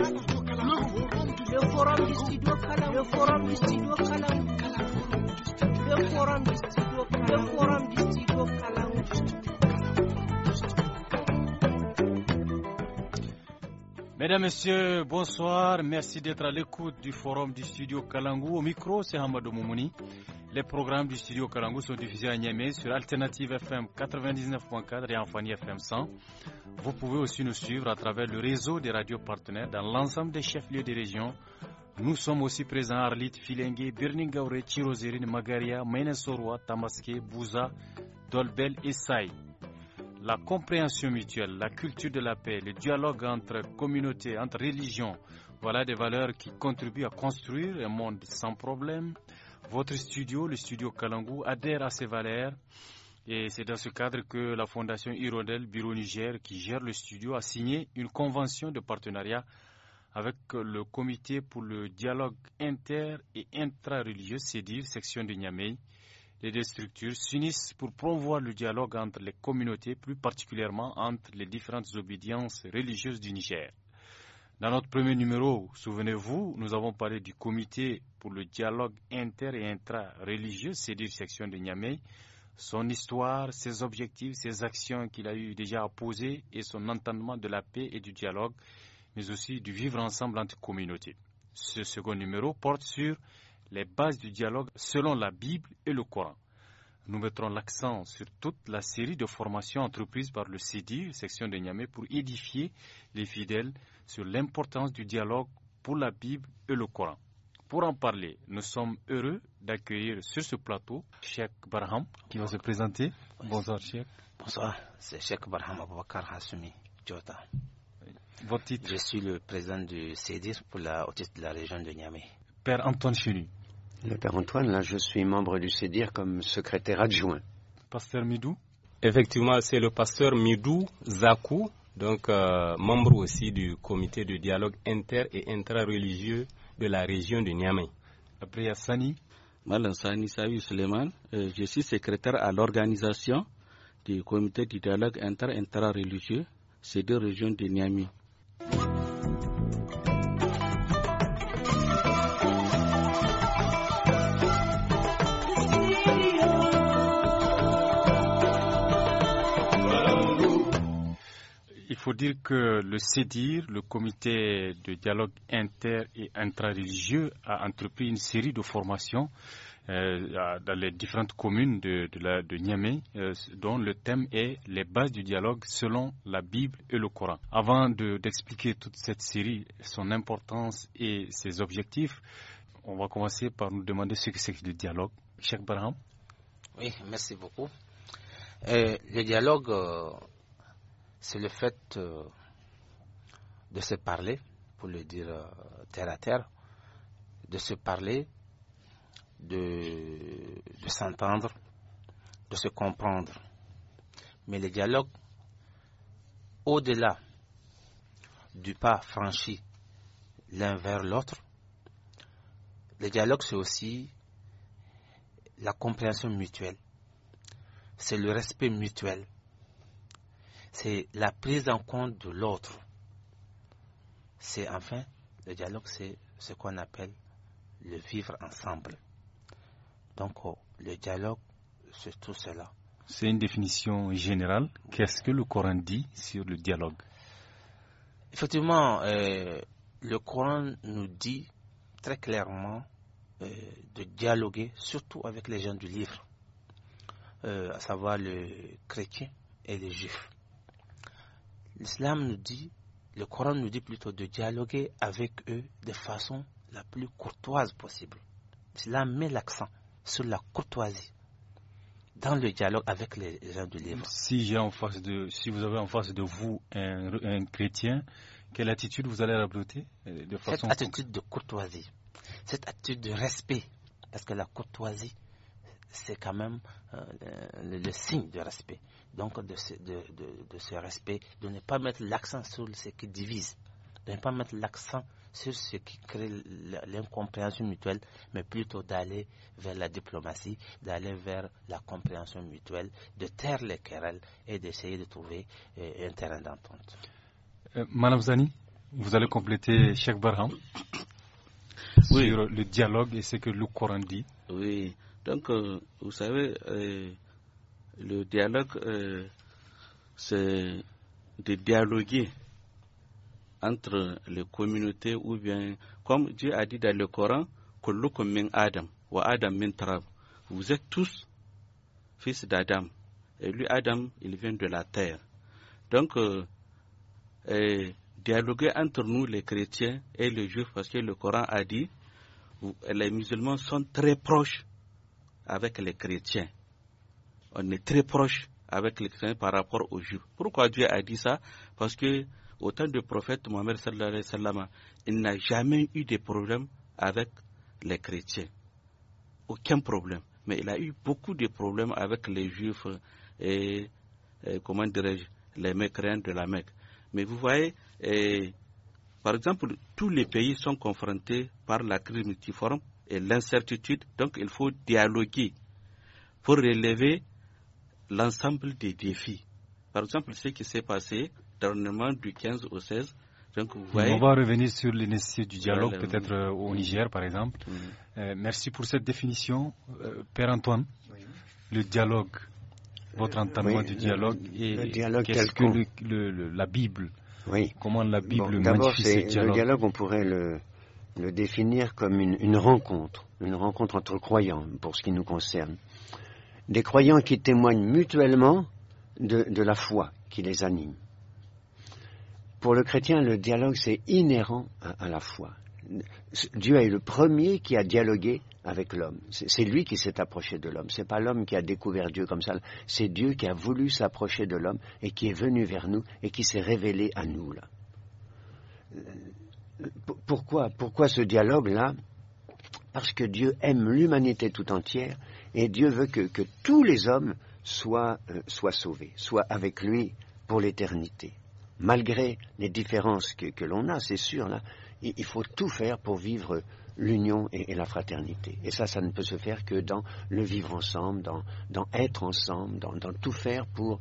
le forum du studio Kalangu. le forum du studio Kalangu. le forum du studio le Mesdames, Messieurs, bonsoir. Merci d'être à l'écoute du forum du studio Kalangou. Au micro, c'est Hamadou Moumouni. Les programmes du studio Kalangu sont diffusés à Niamey sur Alternative FM 99.4 et Enfani FM 100. Vous pouvez aussi nous suivre à travers le réseau des radios partenaires dans l'ensemble des chefs-lieux des régions. Nous sommes aussi présents à Arlit, Filengue, Birningaure, Tirozerine, Magaria, Mainensoroa, Tamaske, Bouza, Dolbel et Saï. La compréhension mutuelle, la culture de la paix, le dialogue entre communautés, entre religions, voilà des valeurs qui contribuent à construire un monde sans problème, votre studio, le studio Kalangou, adhère à ces valeurs. Et c'est dans ce cadre que la Fondation Irodel Bureau Niger, qui gère le studio, a signé une convention de partenariat avec le Comité pour le dialogue inter- et intra-religieux, c'est-à-dire section de Niamey. Les deux structures s'unissent pour promouvoir le dialogue entre les communautés, plus particulièrement entre les différentes obédiences religieuses du Niger. Dans notre premier numéro, souvenez-vous, nous avons parlé du comité pour le dialogue inter- et intra-religieux, section de Niamey, son histoire, ses objectifs, ses actions qu'il a eu déjà à poser et son entendement de la paix et du dialogue, mais aussi du vivre ensemble entre communautés. Ce second numéro porte sur les bases du dialogue selon la Bible et le Coran. Nous mettrons l'accent sur toute la série de formations entreprises par le CEDIR, section de Niamey, pour édifier les fidèles sur l'importance du dialogue pour la Bible et le Coran. Pour en parler, nous sommes heureux d'accueillir sur ce plateau Cheikh Barham qui va se présenter. Bonsoir Cheikh. Bonsoir, c'est Cheikh Barham Abouakar Hassoumi, Jota. Votre titre Je suis le président du CEDIR pour la autiste de la région de Niamey. Père Antoine Chenu. Le Père Antoine, là je suis membre du CEDIR comme secrétaire adjoint. Pasteur Midou. Effectivement, c'est le pasteur Midou Zakou donc euh, membre aussi du comité de dialogue inter et intra-religieux de la région de Niamey. Après, il y a Sani. Suleiman, euh, je suis secrétaire à l'organisation du comité de dialogue inter-intra-religieux, ces deux régions de Niamey. Il faut dire que le CEDIR, le comité de dialogue inter et intra-religieux, a entrepris une série de formations euh, dans les différentes communes de, Niamey, euh, dont le thème est les bases du dialogue selon la Bible et le Coran. Avant d'expliquer toute cette série, son importance et ses objectifs, on va commencer par nous demander ce que c'est que le dialogue. Cheikh Barham. Oui, merci beaucoup. Euh, le dialogue c'est le fait euh, de se parler, pour le dire euh, terre à terre, de se parler, de, s'entendre, de se comprendre. Mais le dialogue, au-delà du pas franchi l'un vers l'autre, le dialogue, c'est aussi la compréhension mutuelle, c'est le respect mutuel, c'est la prise en compte de l'autre. C'est enfin, le dialogue, c'est ce qu'on appelle le vivre ensemble. Donc, oh, le dialogue, c'est tout cela. C'est une définition générale. Qu'est-ce que le Coran dit sur le dialogue Effectivement, euh, le Coran nous dit très clairement euh, de dialoguer, surtout avec les gens du livre, euh, à savoir les chrétiens et les juifs l'islam nous dit, le Coran nous dit plutôt de dialoguer avec eux de façon la plus courtoise possible. L'islam met l'accent sur la courtoisie dans le dialogue avec les gens du livre. Si, en face de, si vous avez en face de vous un, chrétien, quelle attitude vous allez adopter euh, de façon Cette attitude de courtoisie, cette attitude de respect, parce que la courtoisie, c'est quand même euh, le, signe de respect donc de ce, de, de, respect, de ne pas mettre l'accent sur ce qui divise, de ne pas mettre l'accent sur ce qui crée l'incompréhension mutuelle, mais plutôt d'aller vers la diplomatie, d'aller vers la compréhension mutuelle, de taire les querelles et d'essayer de trouver euh, un terrain d'entente. Euh, Madame Zani, vous allez compléter Cheikh Barham oui. sur le dialogue et ce que le Coran dit. Oui, donc euh, vous savez, le dialogue, euh, c'est de dialoguer entre les communautés ou bien, comme Dieu a dit dans le Coran, Adam, Adam Vous êtes tous fils d'Adam. Et lui, Adam, il vient de la terre. Donc, euh, dialoguer entre nous, les chrétiens et les juifs, parce que le Coran a dit, les musulmans sont très proches avec les chrétiens on est très proche avec les chrétiens par rapport aux juifs. Pourquoi Dieu a dit ça Parce que autant temps du prophète Mohammed il n'a jamais eu de problème avec les chrétiens. Aucun problème. Mais il a eu beaucoup de problèmes avec les juifs et, comment dirais-je, les mécréants de la Mecque. Mais vous voyez, par exemple, tous les pays sont confrontés par la crise multiforme et l'incertitude. Donc, il faut dialoguer pour relever l'ensemble des défis. Par exemple, ce qui s'est passé dernièrement du 15 au 16, donc, On va revenir sur les nécessités du dialogue, peut-être euh, au Niger, par exemple. Mm. Euh, merci pour cette définition. Euh, Père Antoine, le dialogue, votre entendement du dialogue, et que la Bible, oui. comment la Bible bon, ce dialogue Le dialogue, on pourrait le, définir comme une, rencontre, une rencontre entre croyants, pour ce qui nous concerne des croyants qui témoignent mutuellement de, la foi qui les anime. Pour le chrétien, le dialogue, c'est inhérent à, la foi. Dieu est le premier qui a dialogué avec l'homme. C'est lui qui s'est approché de l'homme. Ce n'est pas l'homme qui a découvert Dieu comme ça. C'est Dieu qui a voulu s'approcher de l'homme et qui est venu vers nous et qui s'est révélé à nous là. Pourquoi Pourquoi ce dialogue là Parce que Dieu aime l'humanité tout entière et Dieu veut que, tous les hommes euh, soient, sauvés, soient avec lui pour l'éternité. Malgré les différences que, l'on a, c'est sûr, là, il, faut tout faire pour vivre l'union et, la fraternité. Et ça, ça ne peut se faire que dans le vivre ensemble, dans, être ensemble, dans, dans, tout faire pour,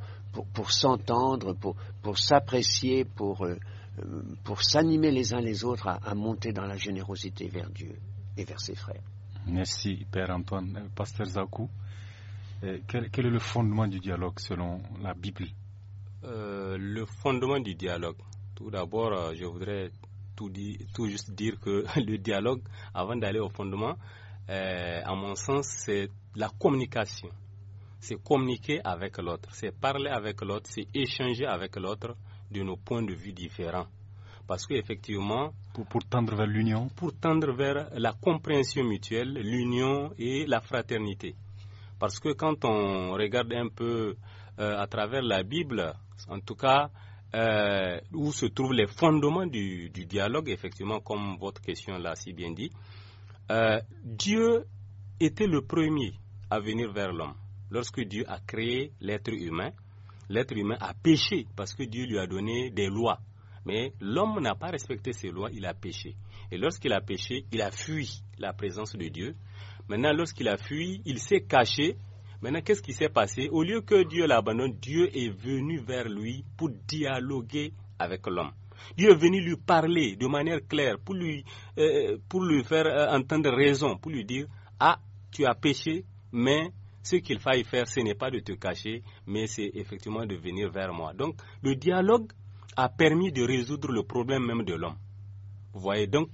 s'entendre, pour, s'apprécier, euh, euh, pour, s'animer les uns les autres à monter dans la générosité vers Dieu et vers ses frères. Merci, Père Antoine. Euh, Pasteur Zakou, euh, quel, est le fondement du dialogue selon la Bible euh, Le fondement du dialogue. Tout d'abord, je voudrais tout, juste dire que le dialogue, avant d'aller au fondement, à mon sens, c'est la communication. C'est communiquer avec l'autre, c'est parler avec l'autre, c'est échanger avec l'autre de nos points de vue différents. Parce qu'effectivement. Pour, tendre vers l'union Pour tendre vers la compréhension mutuelle, l'union et la fraternité. Parce que quand on regarde un peu euh, à travers la Bible, en tout cas, euh, où se trouvent les fondements du, dialogue, effectivement, comme votre question l'a si bien dit, euh, Dieu était le premier à venir vers l'homme. Lorsque Dieu a créé l'être humain, l'être humain a péché parce que Dieu lui a donné des lois. Mais l'homme n'a pas respecté ses lois, il a péché. Et lorsqu'il a péché, il a fui la présence de Dieu. Maintenant, lorsqu'il a fui, il s'est caché. Maintenant, qu'est-ce qui s'est passé Au lieu que Dieu l'abandonne, Dieu est venu vers lui pour dialoguer avec l'homme. Dieu est venu lui parler de manière claire pour lui, euh, pour lui faire euh, entendre raison, pour lui dire Ah, tu as péché, mais ce qu'il faille faire, ce n'est pas de te cacher, mais c'est effectivement de venir vers moi. Donc, le dialogue a permis de résoudre le problème même de l'homme. Vous voyez, donc,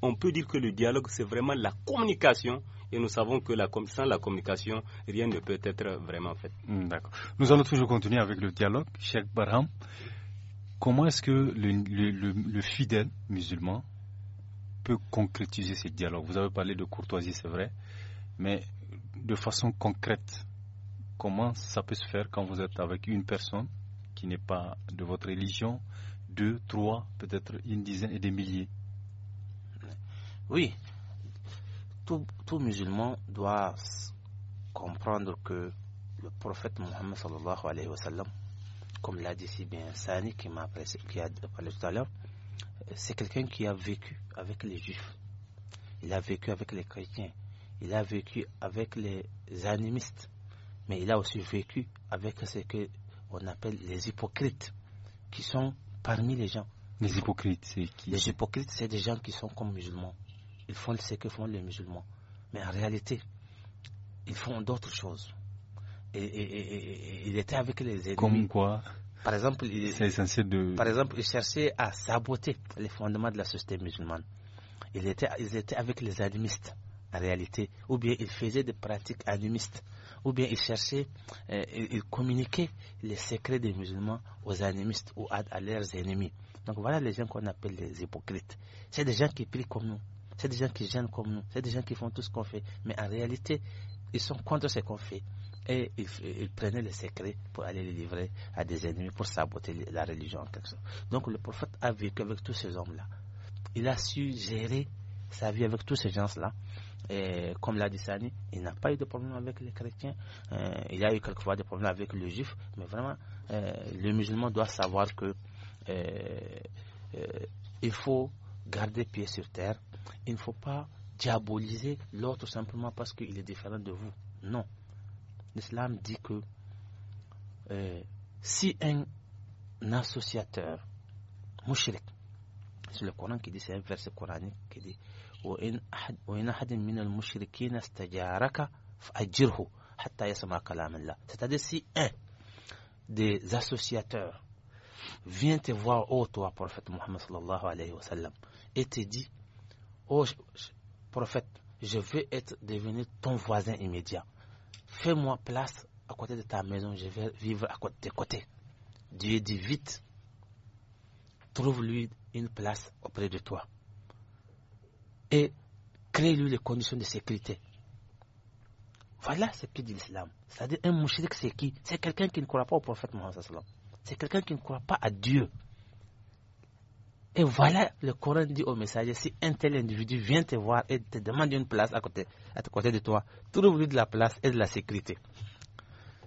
on peut dire que le dialogue, c'est vraiment la communication. Et nous savons que la, sans la communication, rien ne peut être vraiment fait. Hmm, d'accord. Nous allons toujours continuer avec le dialogue. Cheikh Barham, comment est-ce que le fidèle musulman peut concrétiser ce dialogue Vous avez parlé de courtoisie, c'est vrai, mais de façon concrète, comment ça peut se faire quand vous êtes avec une personne qui n'est pas de votre religion, deux, trois, peut-être une dizaine et des milliers. Oui, tout, musulman doit comprendre que le prophète Mohammed alayhi wa sallam, comme l'a dit si Sani qui m'a a parlé tout à l'heure, euh, c'est quelqu'un qui a vécu avec les juifs, il a vécu avec les chrétiens, il a vécu avec les animistes, mais il a aussi vécu avec ce que on appelle les hypocrites, qui sont parmi les gens. Les hypocrites, c'est qui Les hypocrites, c'est des gens qui sont comme musulmans. Ils font ce que font les musulmans. Mais en réalité, ils font d'autres choses. Et, et, et, il était avec les ennemis. Comme quoi Par exemple, il, de... par exemple, ils cherchaient à saboter les fondements de la société musulmane. Ils étaient, ils étaient avec les animistes en réalité, ou bien ils faisaient des pratiques animistes, ou bien ils cherchaient, et euh, ils communiquaient les secrets des musulmans aux animistes ou à, leurs ennemis. Donc voilà les gens qu'on appelle les hypocrites. C'est des gens qui prient comme nous, c'est des gens qui gênent comme nous, c'est des gens qui font tout ce qu'on fait, mais en réalité, ils sont contre ce qu'on fait. Et ils, prenaient les secrets pour aller les livrer à des ennemis, pour saboter la religion quelque sorte. Donc le prophète a vécu avec tous ces hommes-là. Il a su gérer sa vie avec tous ces gens-là. Et comme l'a dit Sani, il n'a pas eu de problème avec les chrétiens. Euh, il y a eu quelquefois des problèmes avec les juifs. Mais vraiment, euh, le musulman doit savoir que euh, il faut garder pied sur terre. Il ne faut pas diaboliser l'autre simplement parce qu'il est différent de vous. Non. L'islam dit que si un associateur mouchrik, c'est le Coran qui dit, c'est un verset coranique qui dit c'est-à-dire si un des associateurs vient te voir, ô oh, toi, prophète Muhammad sallallahu alayhi wa sallam, et te dit, ô oh, prophète, je veux être devenu ton voisin immédiat. Fais-moi place à côté de ta maison, je vais vivre à côté de tes côtés. Dieu dit vite, trouve-lui une place auprès de toi et crée-lui les conditions de sécurité. Voilà ce que dit l'islam. C'est-à-dire, un mouchrik, c'est qui C'est quelqu'un qui ne croit pas au prophète Mohammed. C'est quelqu'un qui ne croit pas à Dieu. Et voilà, le Coran dit au messager si un tel individu vient te voir et te demande une place à côté, à côté de toi, trouve-lui de la place et de la sécurité.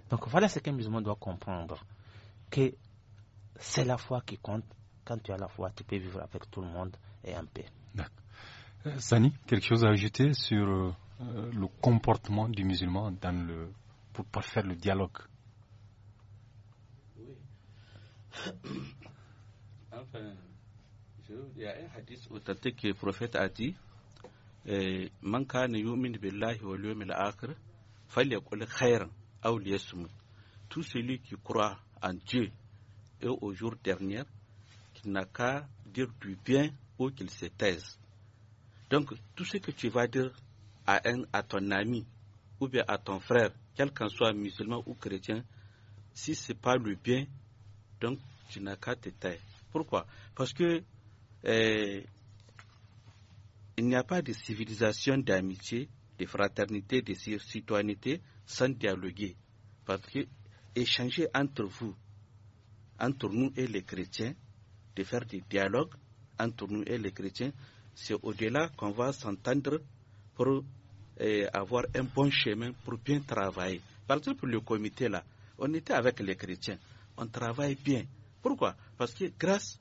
Donc voilà ce qu'un musulman doit comprendre que c'est la foi qui compte. Quand tu as la foi, tu peux vivre avec tout le monde et en paix. Sani, quelque chose à ajouter sur euh, le comportement du musulman dans le, pour faire le dialogue Oui. enfin, il y a un hadith authentique que le prophète a dit euh, yu'min billahi wa akhir khair Tout celui qui croit en Dieu et au jour dernier, qu'il n'a qu'à dire du bien ou qu'il se taise. Donc, tout ce que tu vas dire à, un, à ton ami ou bien à ton frère, quel qu'en soit musulman ou chrétien, si ce n'est pas le bien, donc tu n'as qu'à te taire. Pourquoi Parce que eh, il n'y a pas de civilisation d'amitié, de fraternité, de citoyenneté sans dialoguer. Parce que échanger entre vous, entre nous et les chrétiens, de faire des dialogues entre nous et les chrétiens, c'est au-delà qu'on va s'entendre pour euh, avoir un bon chemin pour bien travailler. Par exemple, le comité là, on était avec les chrétiens, on travaille bien. Pourquoi Parce que grâce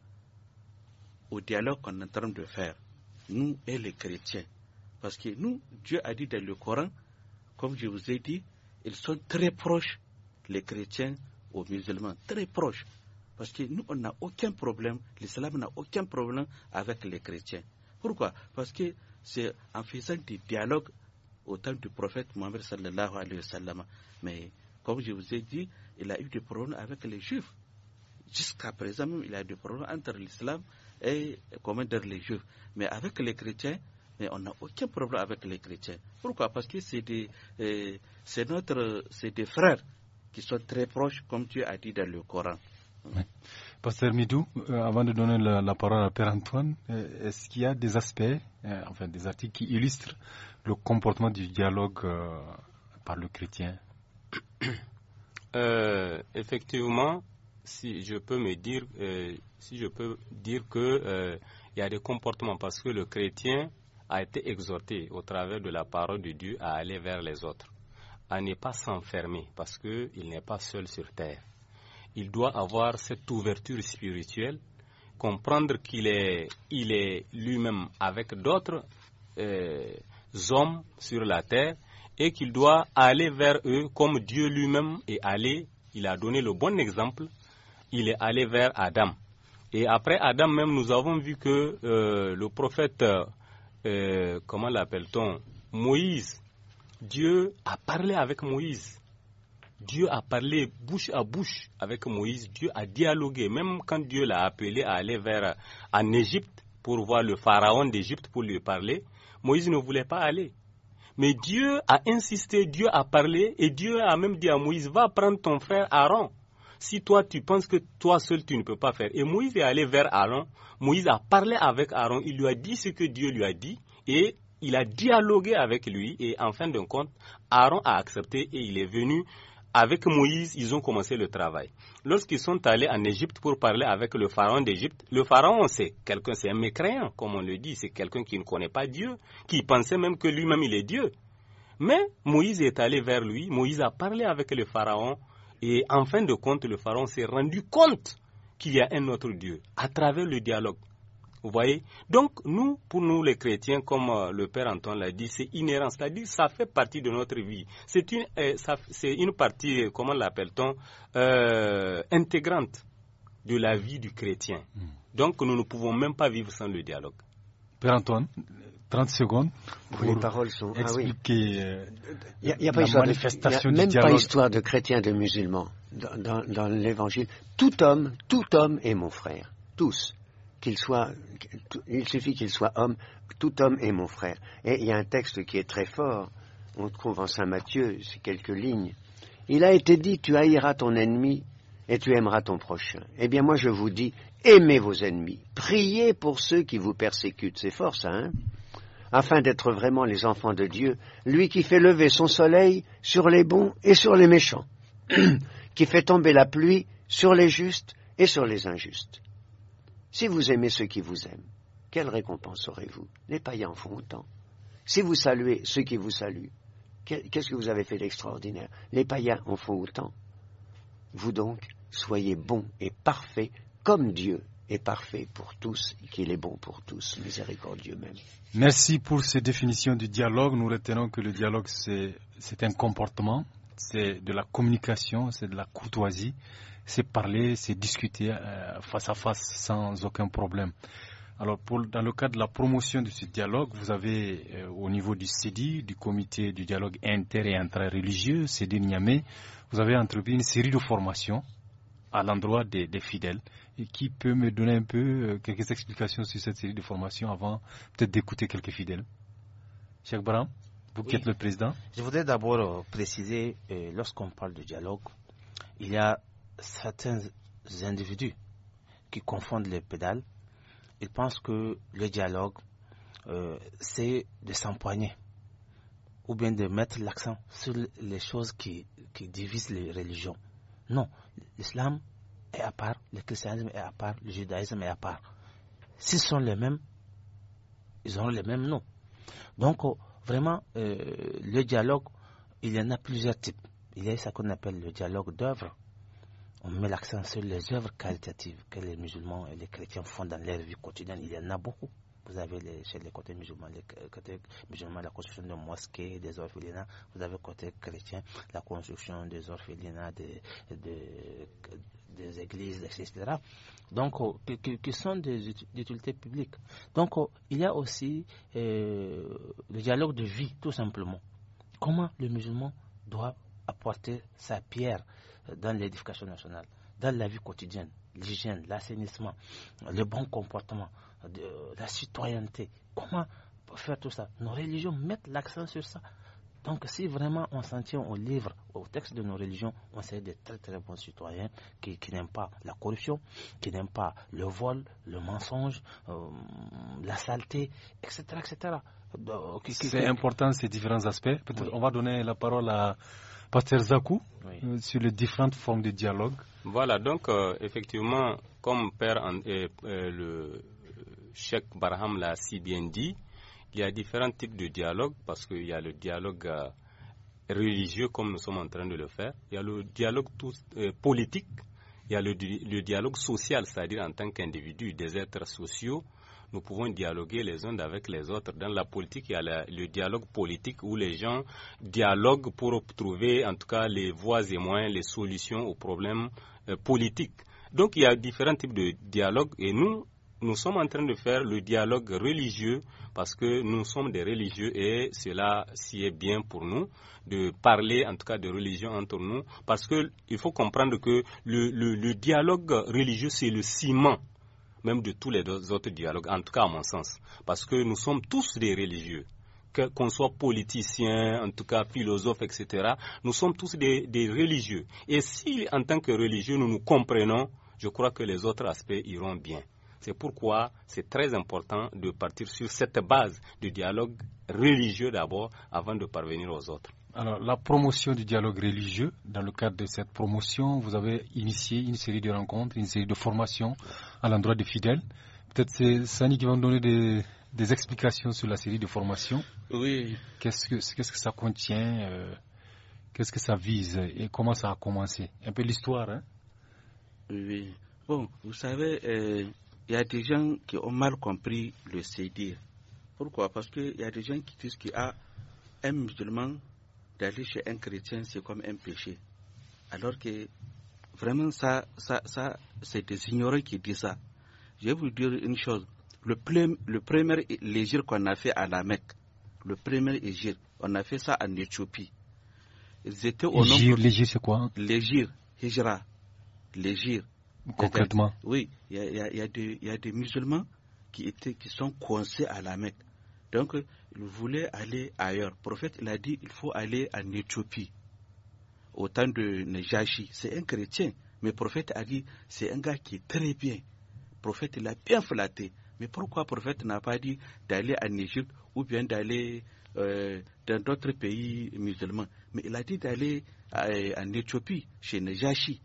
au dialogue qu'on est en train de faire, nous et les chrétiens, parce que nous, Dieu a dit dans le Coran, comme je vous ai dit, ils sont très proches, les chrétiens aux musulmans, très proches. Parce que nous, on n'a aucun problème, l'islam n'a aucun problème avec les chrétiens. Pourquoi Parce que c'est en faisant des dialogues au temps du prophète Mohammed sallallahu alayhi wa sallam. Mais comme je vous ai dit, il a eu des problèmes avec les juifs. Jusqu'à présent, même, il a eu des problèmes entre l'islam et comment les juifs. Mais avec les chrétiens, mais on n'a aucun problème avec les chrétiens. Pourquoi Parce que c'est des, eh, notre, frères qui sont très proches, comme Dieu a dit dans le Coran. Pasteur Midou, euh, avant de donner la, parole à Père Antoine, euh, est-ce qu'il y a des aspects, euh, enfin des articles qui illustrent le comportement du dialogue par le chrétien Effectivement, si je peux me dire, si je peux dire que il y a des comportements parce que le chrétien a été exhorté au travers de la parole de Dieu à aller vers les autres, à ne pas s'enfermer parce qu'il n'est pas seul sur terre il doit avoir cette ouverture spirituelle, comprendre qu'il est, il est lui-même avec d'autres euh, hommes sur la terre et qu'il doit aller vers eux comme Dieu lui-même est allé. Il a donné le bon exemple. Il est allé vers Adam. Et après Adam même, nous avons vu que euh, le prophète, euh, comment l'appelle-t-on, Moïse, Dieu a parlé avec Moïse. Dieu a parlé bouche à bouche avec Moïse, Dieu a dialogué, même quand Dieu l'a appelé à aller vers en Égypte pour voir le pharaon d'Égypte pour lui parler, Moïse ne voulait pas aller. Mais Dieu a insisté, Dieu a parlé et Dieu a même dit à Moïse, va prendre ton frère Aaron. Si toi tu penses que toi seul tu ne peux pas faire. Et Moïse est allé vers Aaron, Moïse a parlé avec Aaron, il lui a dit ce que Dieu lui a dit et il a dialogué avec lui et en fin de compte, Aaron a accepté et il est venu avec Moïse, ils ont commencé le travail. Lorsqu'ils sont allés en Égypte pour parler avec le pharaon d'Égypte, le pharaon, c'est quelqu'un, c'est un mécréant, comme on le dit, c'est quelqu'un qui ne connaît pas Dieu, qui pensait même que lui-même il est Dieu. Mais Moïse est allé vers lui, Moïse a parlé avec le pharaon, et en fin de compte, le pharaon s'est rendu compte qu'il y a un autre Dieu à travers le dialogue. Vous voyez Donc, nous, pour nous les chrétiens, comme euh, le Père Antoine l'a dit, c'est inhérent, c'est-à-dire ça fait partie de notre vie. C'est une, euh, partie, euh, comment l'appelle-t-on, intégrante de la vie du chrétien. Hmm. Donc, nous ne pouvons même pas vivre sans le dialogue. Père Antoine 30 secondes pour les paroles sont expliquer manifestation même pas histoire de chrétiens, de musulmans dans, dans l'évangile. Tout homme, tout homme est mon frère. Tous il suffit qu'il soit homme, tout homme est mon frère. Et il y a un texte qui est très fort, on trouve en Saint Matthieu, c'est quelques lignes. Il a été dit, tu haïras ton ennemi et tu aimeras ton prochain. Eh bien moi je vous dis, aimez vos ennemis, priez pour ceux qui vous persécutent, c'est fort ça, hein afin d'être vraiment les enfants de Dieu, lui qui fait lever son soleil sur les bons et sur les méchants, qui fait tomber la pluie sur les justes et sur les injustes. Si vous aimez ceux qui vous aiment, quelle récompense aurez-vous Les païens font autant. Si vous saluez ceux qui vous saluent, qu'est-ce que vous avez fait d'extraordinaire Les païens en font autant. Vous donc, soyez bons et parfaits, comme Dieu est parfait pour tous, et qu'il est bon pour tous, miséricordieux même. Merci pour ces définitions du dialogue. Nous retenons que le dialogue, c'est un comportement, c'est de la communication, c'est de la courtoisie, c'est parler, c'est discuter euh, face à face sans aucun problème. Alors, pour, dans le cadre de la promotion de ce dialogue, vous avez euh, au niveau du CEDI, du comité du dialogue inter et intra-religieux, CEDI Niamey, vous avez entrepris une série de formations à l'endroit des, fidèles. Et qui peut me donner un peu euh, quelques explications sur cette série de formations avant peut-être d'écouter quelques fidèles Cheikh Bram, vous qui êtes le président. Je voudrais d'abord préciser, lorsqu'on parle de dialogue, il y a certains individus qui confondent les pédales. Ils pensent que le dialogue, euh, c'est de s'empoigner ou bien de mettre l'accent sur les choses qui, qui divisent les religions. Non, l'islam est à part, le christianisme est à part, le judaïsme est à part. S'ils sont les mêmes, ils ont les mêmes noms. Donc, euh, vraiment, euh, le dialogue, il y en a plusieurs types. Il y a ce qu'on appelle le dialogue d'œuvre, on met l'accent sur les œuvres qualitatives que les musulmans et les chrétiens font dans leur vie quotidienne. Il y en a beaucoup. Vous avez chez les côtés musulmans, les côtés musulmans, la construction de mosquées, des orphelinats. Vous avez côté chrétien, la construction des orphelinats, des, des, églises, etc. Donc, oh, qui, sont des utilités publiques. Donc, oh, il y a aussi euh, le dialogue de vie, tout simplement. Comment le musulman doit apporter sa pierre dans l'édification nationale, dans la vie quotidienne, l'hygiène, l'assainissement, le bon comportement, de, la citoyenneté. Comment faire tout ça Nos religions mettent l'accent sur ça. Donc, si vraiment on s'en tient au livre, au texte de nos religions, on serait des très très bons citoyens qui, n'aiment pas la corruption, qui n'aiment pas le vol, le mensonge, euh, la saleté, etc. etc. C'est important ces différents aspects. on va donner la parole à. Pasteur Zakou, euh, sur les différentes formes de dialogue. Voilà, donc euh, effectivement, comme Père euh, le Cheikh Barham l'a si bien dit, il y a différents types de dialogue parce qu'il y a le dialogue religieux comme nous sommes en train de le faire, il y a le dialogue politique, il y a le, le dialogue social, c'est-à-dire en tant qu'individu, des êtres sociaux, nous pouvons dialoguer les uns avec les autres. Dans la politique, il y a le dialogue politique où les gens dialoguent pour trouver en tout cas les voies et moyens, les solutions aux problèmes euh, politiques. Donc il y a différents types de dialogues et nous, nous sommes en train de faire le dialogue religieux parce que nous sommes des religieux et cela s'y est bien pour nous de parler en tout cas de religion entre nous parce qu'il faut comprendre que le dialogue religieux c'est le ciment même de tous les autres dialogues, en tout cas à mon sens. Parce que nous sommes tous des religieux qu'on soit politicien, en tout cas philosophe, etc., nous sommes tous des, religieux. Et si, en tant que religieux, nous nous comprenons, je crois que les autres aspects iront bien. C'est pourquoi c'est très important de partir sur cette base du dialogue religieux d'abord, avant de parvenir aux autres. Alors, la promotion du dialogue religieux, dans le cadre de cette promotion, vous avez initié une série de rencontres, une série de formations à l'endroit des fidèles. Peut-être c'est Sani qui va nous donner des, explications sur la série de formations. Oui. Qu'est-ce que, que ça contient euh, Qu'est-ce que ça vise Et comment ça a commencé Un peu l'histoire. Hein oui. Bon, vous savez, euh, il y a des gens qui ont mal compris le CDR. Pourquoi Parce qu'il y a des gens qui disent qu'il a un musulman d'aller chez un chrétien, c'est comme un péché. Alors que Vraiment, ça, ça, c'est des ignorants qui disent ça. Je vais vous dire une chose. Le, le premier légir qu'on a fait à la Mecque, le premier légir, on a fait ça en Éthiopie. Ils étaient au Légir, légir c'est quoi Légir, hijra, légir. Concrètement Oui, il y a, des musulmans qui, étaient, qui sont coincés à la Mecque. Donc, ils voulaient aller ailleurs. Le prophète, il a dit, il faut aller en Éthiopie au temps de Najashi, c'est un chrétien. Mais le prophète a dit, c'est un gars qui est très bien. Le prophète l'a bien flatté. Mais pourquoi le prophète n'a pas dit d'aller en Égypte ou bien d'aller euh, dans d'autres pays musulmans Mais il a dit d'aller euh, en Éthiopie, chez Najashi.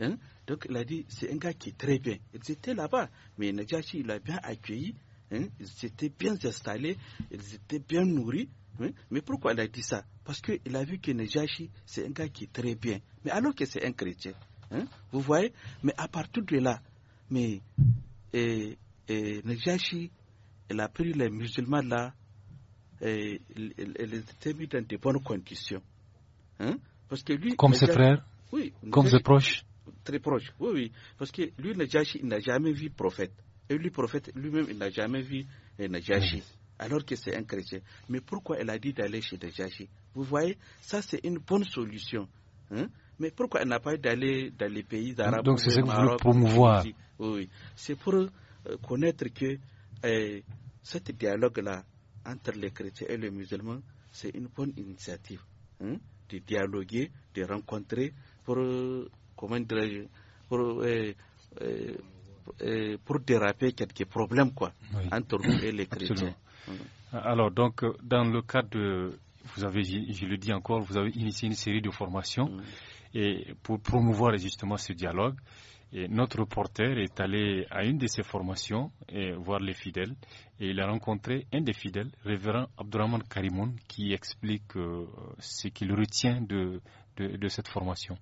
Hein? Donc il a dit, c'est un gars qui est très bien. Ils étaient là-bas, mais Najashi l'a bien accueilli. Hein? Ils étaient bien installés, ils étaient bien nourris. Mais pourquoi il a dit ça Parce qu'il a vu que Nejashi, c'est un gars qui est très bien. Mais alors que c'est un chrétien. Hein, vous voyez Mais à partir de là, mais il a pris les musulmans là, et, les a mis dans de bonnes conditions. Hein. Parce que lui, Comme ses frères Oui. Comme ses proches Très proches, oui, Parce que lui, il n'a jamais vu prophète. Et lui, prophète, lui-même, il n'a jamais vu euh, Nejashi alors que c'est un chrétien. Mais pourquoi elle a dit d'aller chez des jachis Vous voyez, ça c'est une bonne solution. Hein. Mais pourquoi elle n'a pas d'aller dans les pays arabes Donc c'est promouvoir. Oui, c'est pour euh, connaître que eh, ce dialogue-là entre les chrétiens et les musulmans, c'est une bonne initiative. Hein, de dialoguer, de rencontrer pour, euh, pour, euh, pour déraper quelques problèmes quoi, entre nous et les chrétiens. Euh, alors, donc, euh, dans le cadre de, vous avez, je, le dis encore, vous avez initié une série de formations mm. et pour promouvoir justement ce dialogue. notre reporter est allé à une de ces formations et voir les fidèles et il a rencontré un des fidèles, révérend Abdurrahman Karimoun, qui explique euh, ce qu'il retient de, cette formation.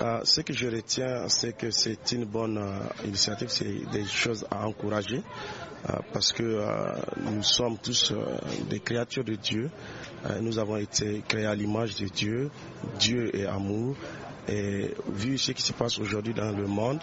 Ah, ce que je retiens, c'est que c'est une bonne initiative, c'est des choses à encourager. Euh, parce que euh, nous sommes tous euh, des créatures de Dieu. nous avons été créés à l'image de Dieu. Dieu est amour et vu ce qui se passe aujourd'hui dans le monde,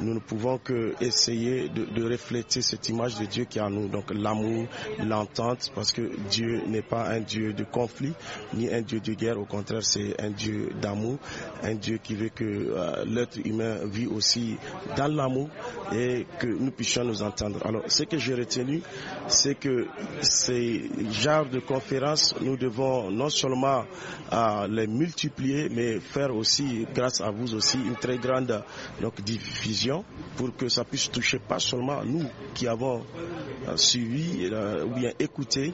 nous ne pouvons que essayer de, refléter cette image de Dieu qui est en nous. Donc l'amour, l'entente, parce que Dieu n'est pas un Dieu de conflit, ni un Dieu de guerre. Au contraire, c'est un Dieu d'amour, un Dieu qui veut que euh, l'être humain vit aussi dans l'amour et que nous puissions nous entendre. Alors ce que j'ai retenu, c'est que ces genres de conférences, nous devons non seulement euh, les multiplier, mais faire aussi grâce à vous aussi, une très grande donc, diffusion pour que ça puisse toucher pas seulement nous qui avons euh, suivi euh, ou bien écouté,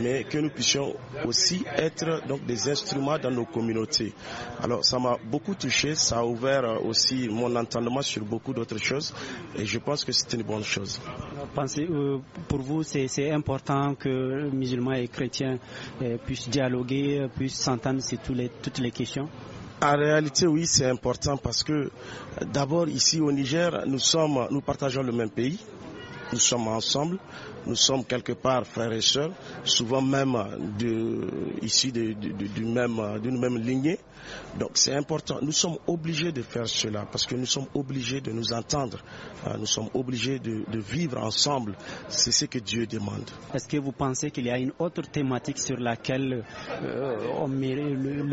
mais que nous puissions aussi être donc, des instruments dans nos communautés. Alors ça m'a beaucoup touché, ça a ouvert euh, aussi mon entendement sur beaucoup d'autres choses et je pense que c'est une bonne chose. Pensez, pour vous, c'est important que musulmans et chrétiens puissent dialoguer, puissent s'entendre sur toutes les questions en réalité, oui, c'est important parce que d'abord ici au Niger, nous sommes, nous partageons le même pays, nous sommes ensemble, nous sommes quelque part frères et sœurs, souvent même euh, ici euh, d'une même, lignée. Donc c'est important. Nous sommes obligés de faire cela parce que nous sommes obligés de nous entendre. Euh, nous sommes obligés de, vivre ensemble. C'est ce que Dieu demande. Est-ce que vous pensez qu'il y a une autre thématique sur laquelle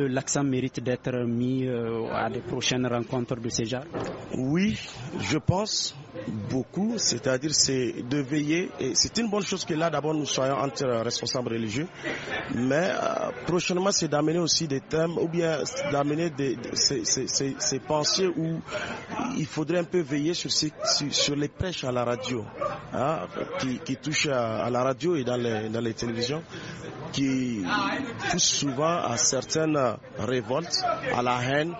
l'accent mérite d'être mis à des prochaines rencontres de ces gens Oui, je pense beaucoup, c'est-à-dire c'est de veiller, et c'est une bonne chose que là d'abord nous soyons entre responsables religieux, mais euh, prochainement c'est d'amener aussi des thèmes ou bien d'amener des, ces, pensées où il faudrait un peu veiller sur, sur, les prêches à la radio, hein, qui, qui, touchent à, la radio et dans les, dans les télévisions, qui poussent souvent à certaines révoltes, à la haine.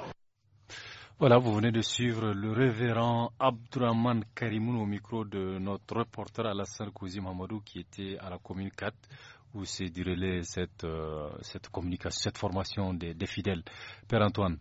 Voilà, vous venez de suivre le révérend Abdurrahman Karimoun au micro de notre reporter Alassane Kouzi Mamadou qui était à la commune 4 où s'est déroulée cette, euh, cette communication, cette formation des, fidèles. Père Antoine,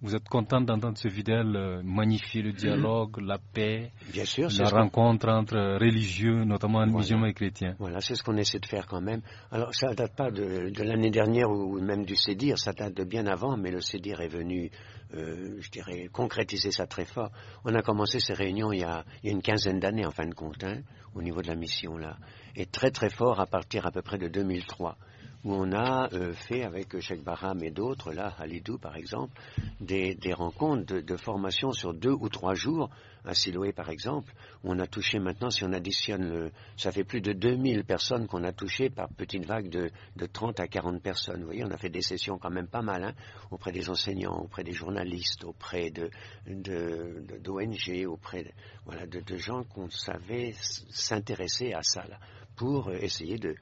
vous êtes content d'entendre ce fidèle euh, magnifier le dialogue, mhm. la paix, Bien sûr, la rencontre entre religieux, notamment musulmans et chrétiens. Voilà, c'est ce qu'on essaie de faire quand même. Alors, ça ne date pas de, l'année dernière ou même du Cédir, ça date de bien avant, mais le Cédir est venu euh, je dirais, concrétiser ça très fort. On a commencé ces réunions il y a, une quinzaine d'années, en fin de compte, hein, au niveau de la mission, là. Et très, très fort à partir à peu près de 2003 où on a euh, fait avec Sheikh Barham et d'autres, là, Halidou par exemple, des, rencontres de, formation sur deux ou trois jours, à Siloé par exemple, où on a touché maintenant, si on additionne, le, ça fait plus de 2000 personnes qu'on a touchées par petite vagues de, de, 30 à 40 personnes. Vous voyez, on a fait des sessions quand même pas mal, hein, auprès des enseignants, auprès des journalistes, auprès de, d'ONG, auprès de, voilà, de, gens qu'on savait s'intéresser à ça. Là pour essayer de,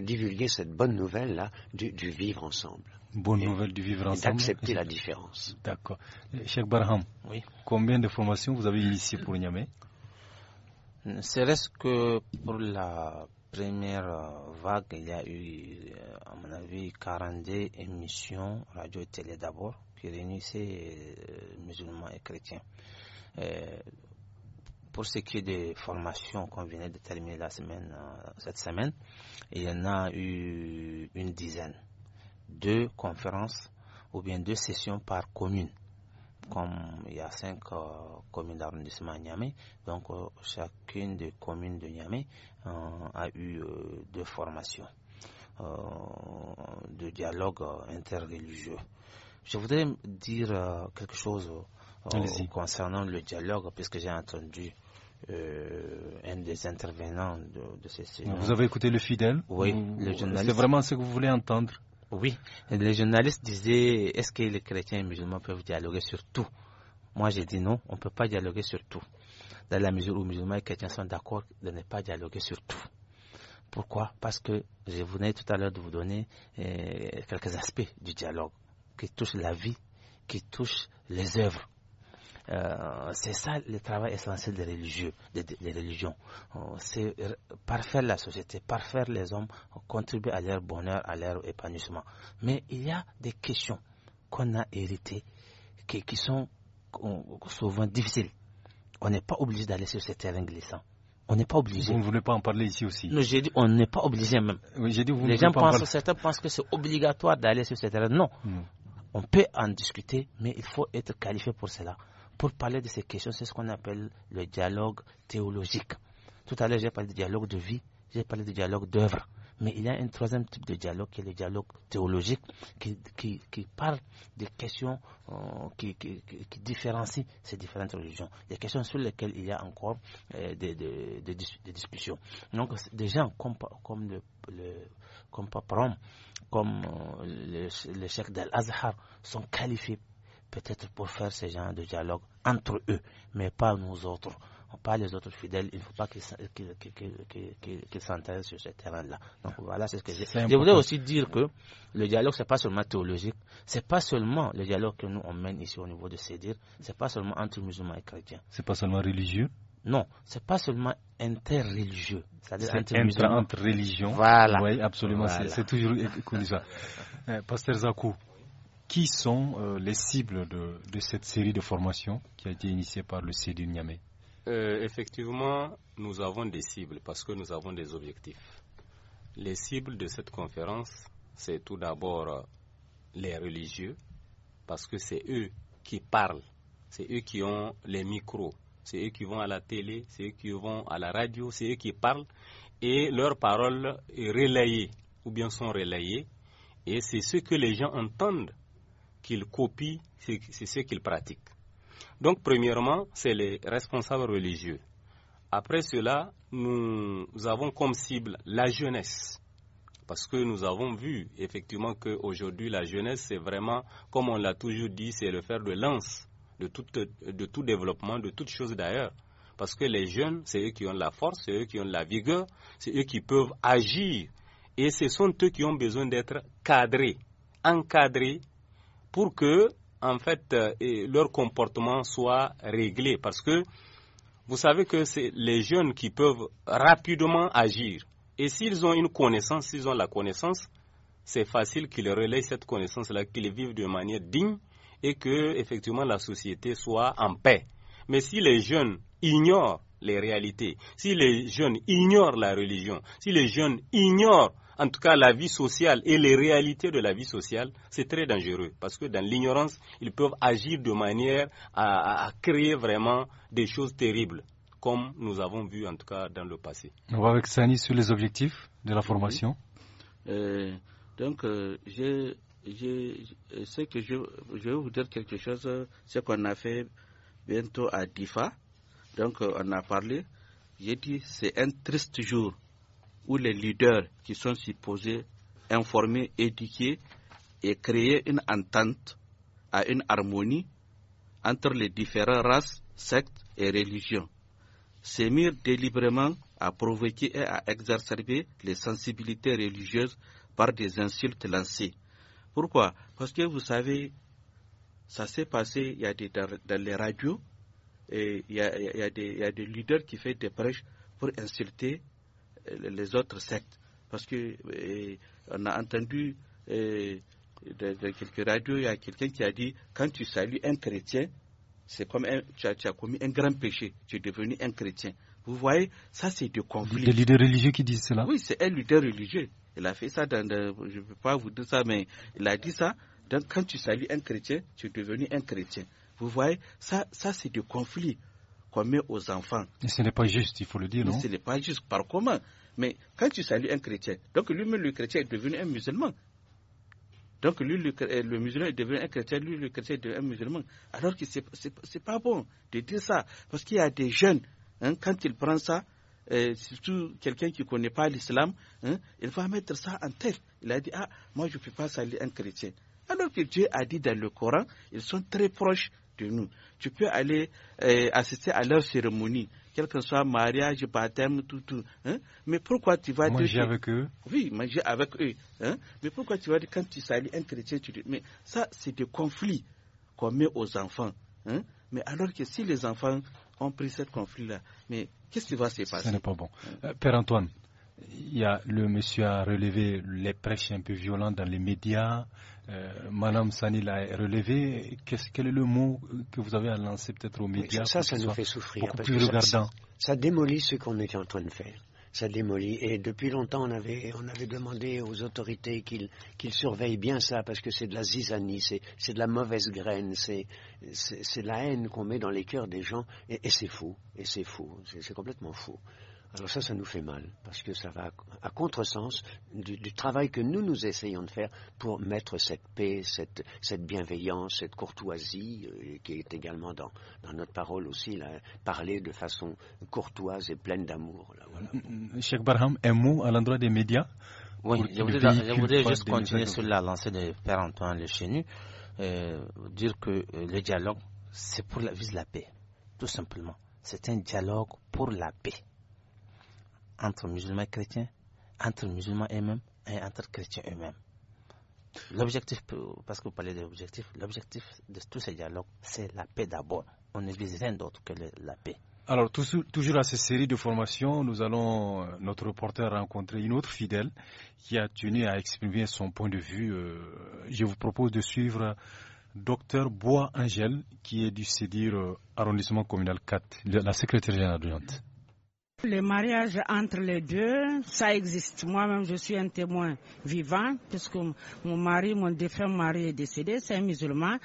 divulguer cette bonne nouvelle-là du, vivre ensemble. Bonne nouvelle du vivre ensemble. D'accepter la différence. D'accord. Cheikh Barham, oui. combien de formations vous avez initiées pour Niamey serait-ce que pour la première vague, il y a eu, euh, à mon avis, 42 émissions radio et télé d'abord qui réunissaient euh, musulmans et chrétiens. Euh, pour ce qui est des formations qu'on venait de terminer la semaine, euh, cette semaine, il y en a eu une dizaine. Deux conférences ou bien deux sessions par commune. Comme il y a cinq euh, communes d'arrondissement à Niamey, donc euh, chacune des communes de Niamey a eu deux formations de dialogue interreligieux. Je voudrais dire quelque chose concernant le dialogue, puisque j'ai entendu euh, un des intervenants de, ces Vous avez écouté le fidèle Oui, le journaliste. C'est vraiment ce que vous voulez entendre Oui, les journalistes disaient est-ce que les chrétiens et les musulmans peuvent dialoguer sur tout Moi, j'ai dit non, on ne peut pas dialoguer sur tout. Dans la mesure où les musulmans et les chrétiens sont d'accord de ne pas dialoguer sur tout. Pourquoi Parce que je venais tout à l'heure de vous donner euh, quelques aspects du dialogue qui touchent la vie, qui touchent les œuvres euh, c'est ça le travail essentiel des religieux, des, religions. Euh, c'est par faire la société, par faire les hommes, contribuer à leur bonheur, à leur épanouissement. Mais il y a des questions qu'on a héritées qui, sont euh, souvent difficiles. On n'est pas obligé d'aller sur ce terrain glissant. On n'est pas obligé. Vous ne voulez pas en parler ici aussi Non, j'ai dit on n'est pas obligé même. Les gens pensent, certains pensent que c'est obligatoire d'aller sur ce terrain. Non. Hmm. On peut en discuter, mais il faut être qualifié pour cela pour parler de ces questions, c'est ce qu'on appelle le dialogue théologique. Tout à l'heure, j'ai parlé de dialogue de vie, j'ai parlé de dialogue d'œuvre. Mais il y a un troisième type de dialogue qui est le dialogue théologique, qui, qui, qui parle des questions euh, qui, qui, différencient ces différentes religions, des questions sur lesquelles il y a encore euh, des, des, discussions. Donc, des gens comme, comme le, comme Papa comme euh, le, le chef d'Al-Azhar, sont qualifiés peut-être pour faire ce genre de dialogue entre eux, mais pas nous autres pas les autres fidèles, il ne faut pas qu'ils s'intéressent sur ce terrain-là. Donc ah, voilà, c'est ce que j'ai. Je voudrais aussi dire que le dialogue, n'est pas seulement théologique, c'est pas seulement le dialogue que nous on mène ici au niveau de ce n'est pas seulement entre musulmans et chrétiens. n'est pas seulement religieux. Non, c'est pas seulement interreligieux, cest entre, religions. Voilà. Oui, absolument, c'est toujours ça. Eh, Pasteur Zakou, qui sont euh, les cibles de, cette série de formations qui a été initiée par le CD Niamey euh, Effectivement, nous avons des cibles parce que nous avons des objectifs. Les cibles de cette conférence, c'est tout d'abord euh, les religieux, parce que c'est eux qui parlent, c'est eux qui ont les micros, c'est eux qui vont à la télé, c'est eux qui vont à la radio, c'est eux qui parlent, et leurs paroles sont relayées, ou bien sont relayées, et c'est ce que les gens entendent qu'ils copient, c'est ce qu'ils pratiquent. Donc, premièrement, c'est les responsables religieux. Après cela, nous avons comme cible la jeunesse. Parce que nous avons vu effectivement qu'aujourd'hui, la jeunesse, c'est vraiment, comme on l'a toujours dit, c'est le fer de lance de tout, de tout développement, de toute chose d'ailleurs. Parce que les jeunes, c'est eux qui ont la force, c'est eux qui ont la vigueur, c'est eux qui peuvent agir. Et ce sont eux qui ont besoin d'être cadrés, encadrés pour que, en fait, euh, leur comportement soit réglé. Parce que vous savez que c'est les jeunes qui peuvent rapidement agir. Et s'ils ont une connaissance, s'ils ont la connaissance, c'est facile qu'ils relayent cette connaissance-là, qu'ils vivent de manière digne et que, effectivement, la société soit en paix. Mais si les jeunes ignorent les réalités, si les jeunes ignorent la religion, si les jeunes ignorent en tout cas la vie sociale et les réalités de la vie sociale, c'est très dangereux parce que dans l'ignorance, ils peuvent agir de manière à, créer vraiment des choses terribles, comme nous avons vu en tout cas dans le passé. On va avec Sani sur les objectifs de la formation. Euh, donc, euh, je, euh, que je, je, vais vous dire quelque chose, ce qu'on a fait bientôt à DIFA. Donc, on a parlé. J'ai dit, c'est un triste jour où les leaders qui sont supposés informer, éduquer et créer une entente à une harmonie entre les différentes races, sectes et religions. s'émirent délibérément à provoquer et à exacerber les sensibilités religieuses par des insultes lancées. Pourquoi Parce que vous savez, ça s'est passé, il y a des, dans, les radios, et il y a des leaders qui font des prêches pour insulter les autres sectes. Parce que eh, on a entendu eh, dans quelques radios, il y a quelqu'un qui a dit quand tu salues un chrétien, c'est comme tu, as, commis un grand péché, tu es devenu un chrétien. Vous voyez, ça c'est du conflit. Des leaders religieux qui disent cela Oui, c'est un leader religieux. Il a fait ça dans. je ne peux pas vous dire ça, mais il a dit ça. Donc quand tu salues un chrétien, tu es devenu un chrétien. Vous voyez, ça, ça c'est du conflit aux enfants. ce n'est pas juste, il faut le dire, non Ce n'est pas juste. Par comment Mais quand tu salues un chrétien, donc lui-même, le chrétien est devenu un musulman. Donc lui, le, musulman est devenu un chrétien, lui, le chrétien est devenu un musulman. Alors que ce n'est pas bon de dire ça. Parce qu'il y a des jeunes, hein, quand ils prennent ça, euh, surtout quelqu'un qui connaît pas l'islam, hein, il va mettre ça en tête. Il a dit, ah, moi je ne peux pas saluer un chrétien. Alors que Dieu a dit dans le Coran, ils sont très proches nous. Tu peux aller euh, assister à leur cérémonie, quel que soit mariage, baptême, tout, tout. Hein. Mais pourquoi tu vas manger dire... avec eux Oui, manger avec eux. Hein. Mais pourquoi tu vas quand tu salues un chrétien, tu dis mais ça c'est des conflits qu'on met aux enfants. Hein. Mais alors que si les enfants ont pris ce conflit-là, mais qu'est-ce qui va se passer Ce n'est pas bon. Euh, Père Antoine, il y a, le monsieur a relevé les prêches un peu violents dans les médias, euh, Madame Sani l'a relevé. quel est le mot que vous avez à lancer peut-être aux médias Ça, ça, nous fait souffrir. parce que Ça, démolit ce qu'on était en train de faire. Ça démolit. Et depuis longtemps, on avait, on avait demandé aux autorités qu'ils, qu'ils surveillent bien ça parce que c'est de la zizanie, c'est, de la mauvaise graine, c'est, de la haine qu'on met dans les cœurs des gens. Et, c'est faux. Et c'est fou, C'est, c'est complètement faux. Alors ça, ça nous fait mal, parce que ça va à contresens du, du travail que nous, nous essayons de faire pour mettre cette paix, cette, cette bienveillance, cette courtoisie, euh, qui est également dans, dans notre parole aussi, la parler de façon courtoise et pleine d'amour. Voilà. Mm, mm, mm. Cheikh Barham, un mot à l'endroit des médias Oui, je voudrais, juste continuer sur la lancée de Père Antoine Le Chénu, euh, dire que euh, le dialogue, c'est pour la vise la paix, tout simplement. C'est un dialogue pour la paix entre musulmans et chrétiens, entre musulmans eux-mêmes et entre chrétiens eux-mêmes. L'objectif, parce que vous parlez de l'objectif, l'objectif de tous ces dialogues, c'est la paix d'abord. On ne vise rien d'autre que la paix. Alors, toujours à cette série de formations, nous allons, euh, notre reporter rencontrer une autre fidèle qui a tenu à exprimer son point de vue. Euh, je vous propose de suivre Docteur Bois Angel, qui est du CEDIR euh, arrondissement communal 4, la secrétaire générale adjointe. Les mariages entre les deux, ça existe. Moi-même, je suis un témoin vivant, puisque mon mari, mon défunt mari est décédé, c'est un musulman.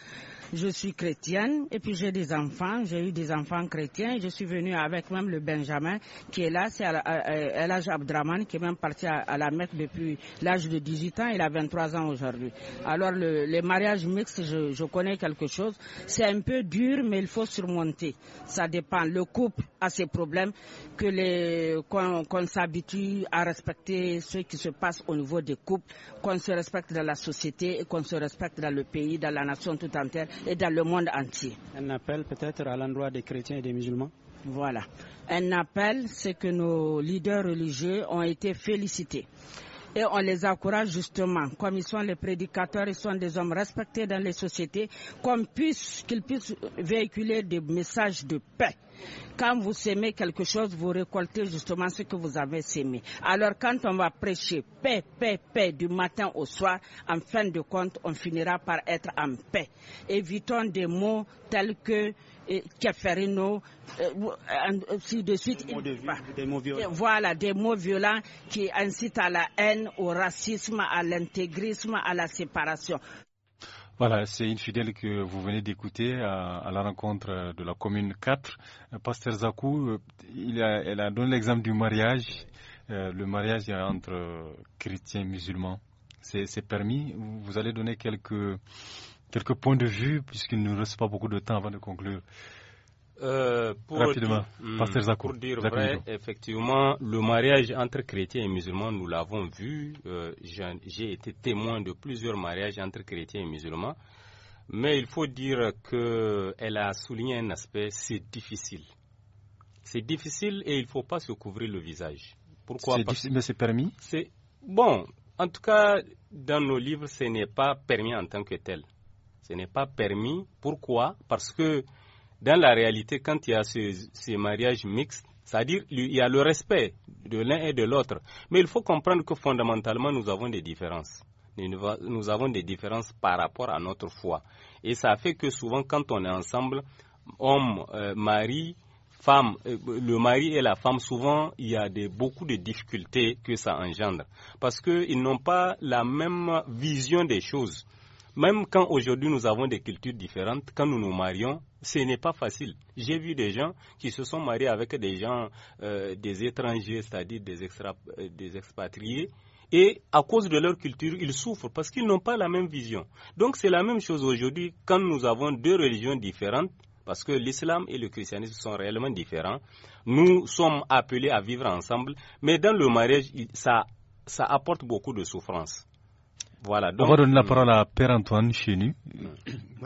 Je suis chrétienne et puis j'ai des enfants, j'ai eu des enfants chrétiens je suis venue avec même le Benjamin qui est là, c'est l'âge Abdraman qui est même parti à, la Mecque depuis l'âge de 18 ans, il a 23 ans aujourd'hui. Alors le, les mariages mixtes, je, je connais quelque chose, c'est un peu dur mais il faut surmonter. Ça dépend, le couple a ses problèmes que les les, qu'on s'habitue à respecter ce qui se passe au niveau des couples, qu'on se respecte dans la société, qu'on se respecte dans le pays, dans la nation tout entière et dans le monde entier. Un appel peut-être à l'endroit des chrétiens et des musulmans Voilà. Un appel, c'est que nos leaders religieux ont été félicités et on les encourage justement, comme ils sont les prédicateurs, ils sont des hommes respectés dans les sociétés, qu'ils puissent véhiculer des messages de paix. Quand vous semez quelque chose, vous récoltez justement ce que vous avez sémé. Alors quand on va prêcher paix, paix, paix du matin au soir, en fin de compte, on finira par être en paix. Évitons des mots tels que et euh, euh, euh, ainsi de suite. Des mots, violents. Voilà, des mots violents qui incitent à la haine, au racisme, à l'intégrisme, à la séparation. Voilà, c'est une fidèle que vous venez d'écouter à, la rencontre de la commune 4. Pasteur Zakou, elle a donné l'exemple du mariage, le mariage entre chrétiens et musulmans. C'est permis. Vous allez donner quelques quelques points de vue, puisqu'il ne nous reste pas beaucoup de temps avant de conclure. Euh, Rapidement, hmm, Pasteur pour dire vrai, effectivement, le mariage entre chrétiens et musulmans, nous l'avons vu. Euh, j'ai été témoin de plusieurs mariages entre chrétiens et musulmans. Mais il faut dire qu'elle a souligné un aspect, c'est difficile. C'est difficile et il ne faut pas se couvrir le visage. Pourquoi mais c'est permis Bon, en tout cas, dans nos livres, ce n'est pas permis en tant que tel. Ce n'est pas permis. Pourquoi Parce que dans la réalité, quand il y a ces, mariages mixtes, c'est-à-dire il y a le respect de l'un et de l'autre. Mais il faut comprendre que fondamentalement, nous avons des différences. Nous avons des différences par rapport à notre foi. Et ça fait que souvent, quand on est ensemble, homme, euh, mari, femme, euh, le mari et la femme, souvent, il y a beaucoup de difficultés que ça engendre. Parce qu'ils n'ont pas la même vision des choses. Même quand aujourd'hui nous avons des cultures différentes, quand nous nous marions, ce n'est pas facile. J'ai vu des gens qui se sont mariés avec des gens, euh, des étrangers, c'est-à-dire des, euh, des expatriés, et à cause de leur culture, ils souffrent parce qu'ils n'ont pas la même vision. Donc c'est la même chose aujourd'hui quand nous avons deux religions différentes, parce que l'islam et le christianisme sont réellement différents. Nous sommes appelés à vivre ensemble, mais dans le mariage, ça, ça apporte beaucoup de souffrance. Voilà. On va donner la parole à Père Antoine Chenu.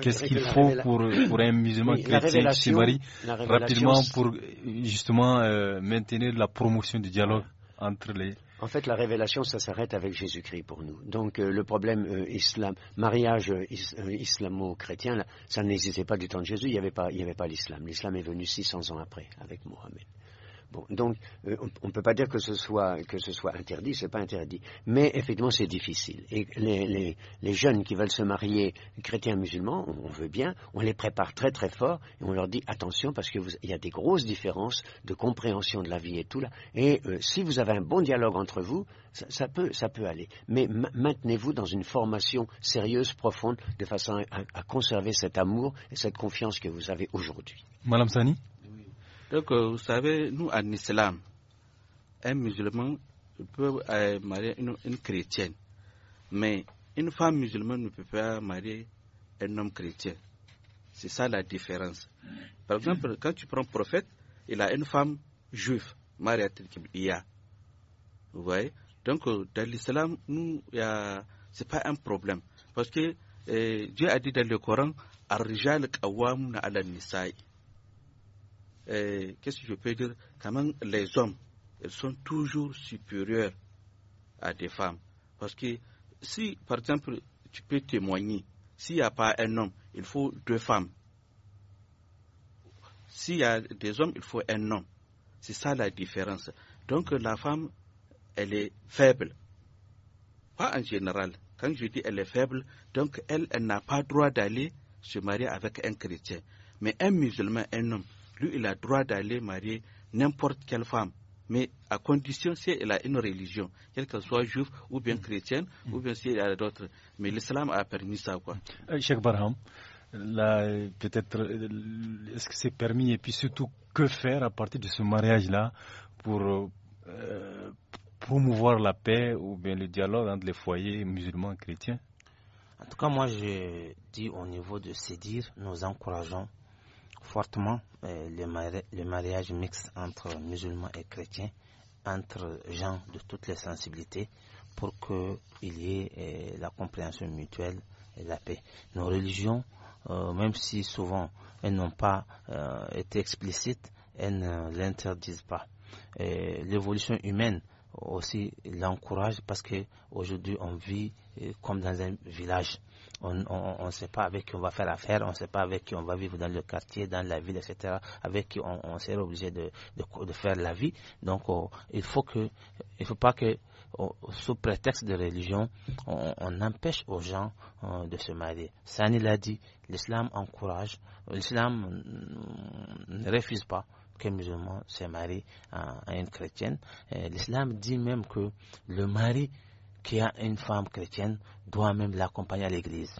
Qu'est-ce qu'il faut pour, euh, pour un musulman chrétien qui se marie rapidement pour justement euh, maintenir la promotion du dialogue entre les, en fait, la révélation, ça s'arrête avec Jésus-Christ pour nous. Donc, euh, le problème islam, mariage islamo-chrétien, ça n'existait pas du temps de Jésus. Il n'y avait pas, l'islam. L'islam est venu 600 ans après, avec Mohammed donc, euh, on ne peut pas dire que ce soit, interdit, ce n'est pas interdit. Mais effectivement, c'est difficile. Et les, jeunes qui veulent se marier chrétiens-musulmans, on, veut bien, on les prépare très très fort et on leur dit attention parce qu'il y a des grosses différences de compréhension de la vie et tout là. Et euh, si vous avez un bon dialogue entre vous, ça, peut, aller. Mais maintenez-vous dans une formation sérieuse, profonde, de façon à, conserver cet amour et cette confiance que vous avez aujourd'hui. Madame Sani donc, euh, vous savez, nous, en islam, un musulman peut euh, marier une, chrétienne, mais une femme musulmane ne peut pas marier un homme chrétien. C'est ça la différence. Par exemple, quand tu prends prophète, il a une femme juive, mariée à Tilkibiya. Vous voyez Donc, euh, dans l'islam, nous, ce n'est pas un problème. Parce que Dieu a dit dans le Coran, Arrijal ala qu'est-ce que je peux dire, Comment les hommes, sont toujours supérieurs à des femmes. Parce que si, par exemple, tu peux témoigner, s'il n'y a pas un homme, il faut deux femmes. S'il y a des hommes, il faut un homme. C'est ça la différence. Donc la femme, elle est faible. Pas en général. Quand je dis elle est faible, donc elle, elle n'a pas droit d'aller se marier avec un chrétien. Mais un musulman, un homme, lui, il a droit d'aller marier n'importe quelle femme. Mais à condition si elle a une religion, quelle qu'elle soit juive ou bien mm. chrétienne, ou mm. bien s'il a d'autres. Mais l'islam a permis ça. Quoi. Euh, Cheikh Barham, peut-être, euh, est-ce que c'est permis Et puis surtout, que faire à partir de ce mariage-là pour euh, promouvoir la paix ou bien le dialogue entre les foyers musulmans et chrétiens En tout cas, moi, je dis au niveau de dire, nous encourageons fortement euh, le, mariage mixte entre musulmans et chrétiens, entre gens de toutes les sensibilités, pour qu'il y ait euh, la compréhension mutuelle et la paix. Nos religions, euh, même si souvent elles n'ont pas été explicites, elles ne l'interdisent pas. L'évolution humaine aussi l'encourage parce que aujourd'hui on vit comme dans un village on ne sait pas avec qui on va faire affaire, on ne sait pas avec qui on va vivre dans le quartier, dans la ville, etc., avec qui on, on sera obligé de, faire la vie. Donc, oh, il faut que, il faut pas que, oh, sous prétexte de religion, on, empêche aux gens euh, de se marier. Sani l'a dit, l'islam encourage, l'islam ne refuse pas qu'un musulman se marie à une chrétienne. L'islam dit même que le mari qui a une femme chrétienne doit même l'accompagner à l'église.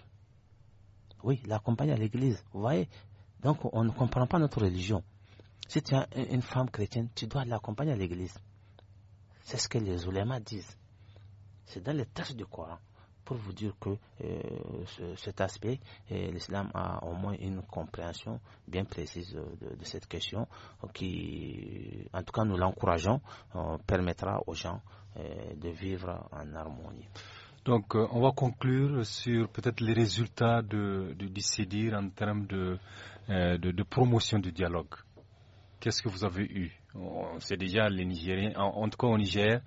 Oui, l'accompagner à l'église. Vous voyez Donc, on ne comprend pas notre religion. Si tu as une femme chrétienne, tu dois l'accompagner à l'église. C'est ce que les ulémas disent. C'est dans les textes du Coran pour vous dire que euh, cet aspect, euh, l'islam a au moins une compréhension bien précise de, cette question qui, en tout cas, nous l'encourageons, permettra aux gens euh, de vivre en harmonie. Donc, euh, on va conclure sur peut-être les résultats de, de, du en termes euh, de, de, promotion du dialogue. Qu'est-ce que vous avez eu C'est déjà les Nigériens, en, en, tout cas au Niger,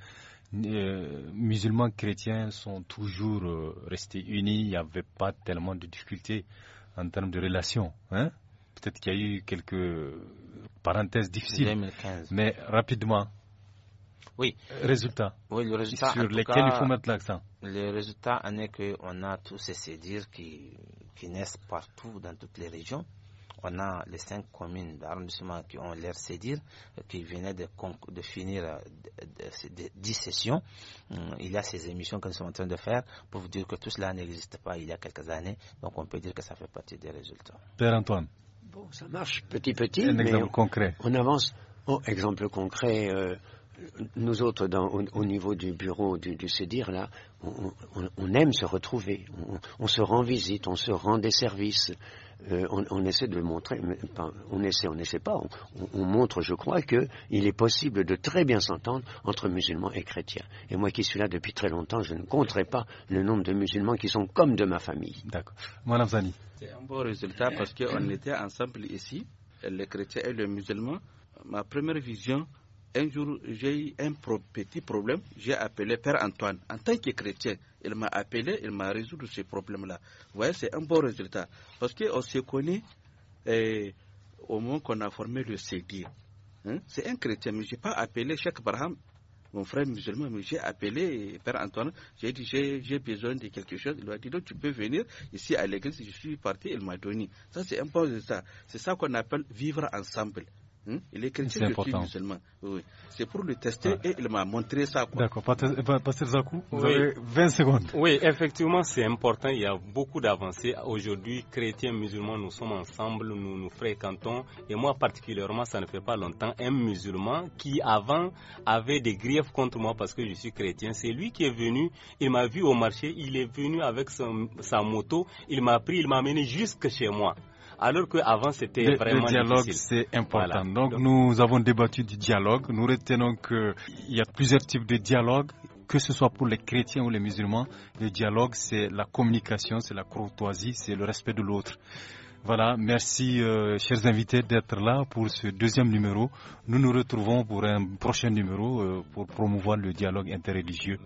musulmans chrétiens sont toujours restés unis, il n'y avait pas tellement de difficultés en termes de relations. Hein? Peut-être qu'il y a eu quelques parenthèses difficiles. Mais rapidement, oui. Résultat. Oui, le résultat. Sur lesquels il faut mettre l'accent. Le résultat en est qu'on a tous ces dires qui, naissent partout dans toutes les régions. On a les cinq communes d'arrondissement qui ont l'air cédir, qui venaient de, finir euh, dix sessions. Hum, il y a ces émissions que nous sommes en train de faire pour vous dire que tout cela n'existe pas il y a quelques années. Donc on peut dire que ça fait partie des résultats. Père Antoine. Bon, ça marche petit petit. Un exemple concret. On avance. Oh, exemple concret. Euh, nous autres, au, niveau du bureau du, du CEDIR, là, on, aime se retrouver, on, se rend visite, on se rend des services, euh, on, essaie de le montrer, on essaie, on n'essaie pas, on, montre, je crois, qu'il est possible de très bien s'entendre entre musulmans et chrétiens. Et moi qui suis là depuis très longtemps, je ne compterai pas le nombre de musulmans qui sont comme de ma famille. D'accord. Madame Zani. C'est un bon résultat parce qu'on était ensemble ici, les chrétiens et les musulmans. Ma première vision, un jour, j'ai eu un petit problème. J'ai appelé Père Antoine. En tant que chrétien, il m'a appelé, il m'a résolu ce problème-là. Vous voyez, c'est un bon résultat. Parce qu'on se connaît eh, au moment qu'on a formé le CDI. Hein? C'est un chrétien, mais je n'ai pas appelé Cheikh Abraham, mon frère musulman, mais j'ai appelé Père Antoine. J'ai dit, j'ai besoin de quelque chose. Il m'a dit, donc tu peux venir ici à l'église. Je suis parti, il m'a donné. Ça, c'est un bon résultat. C'est ça qu'on appelle vivre ensemble. Hmm? Il est chrétien, musulman. C'est pour le tester ah. et il m'a montré ça. D'accord. Euh, Pasteur Zakou, vous avez 20 secondes. Oui, effectivement, c'est important. Il y a beaucoup d'avancées. Aujourd'hui, chrétiens, musulmans, nous sommes ensemble, nous nous fréquentons. Et moi, particulièrement, ça ne fait pas longtemps, un musulman qui, avant, avait des griefs contre moi parce que je suis chrétien, c'est lui qui est venu. Il m'a vu au marché, il est venu avec sa moto, il m'a pris, il m'a amené jusque chez moi alors qu'avant c'était vraiment. Le dialogue, c'est important. Donc, nous avons débattu du dialogue. Nous retenons qu'il y a plusieurs types de dialogue que ce soit pour les chrétiens ou les musulmans, le dialogue, c'est la communication, c'est la courtoisie, c'est le respect de l'autre. Voilà, merci euh, chers invités d'être là pour ce deuxième numéro. Nous nous retrouvons pour un prochain numéro euh, pour promouvoir le dialogue interreligieux.